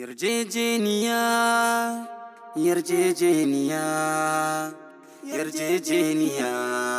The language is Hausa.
Yarjejeniya, yarjejeniya, yarjejeniya.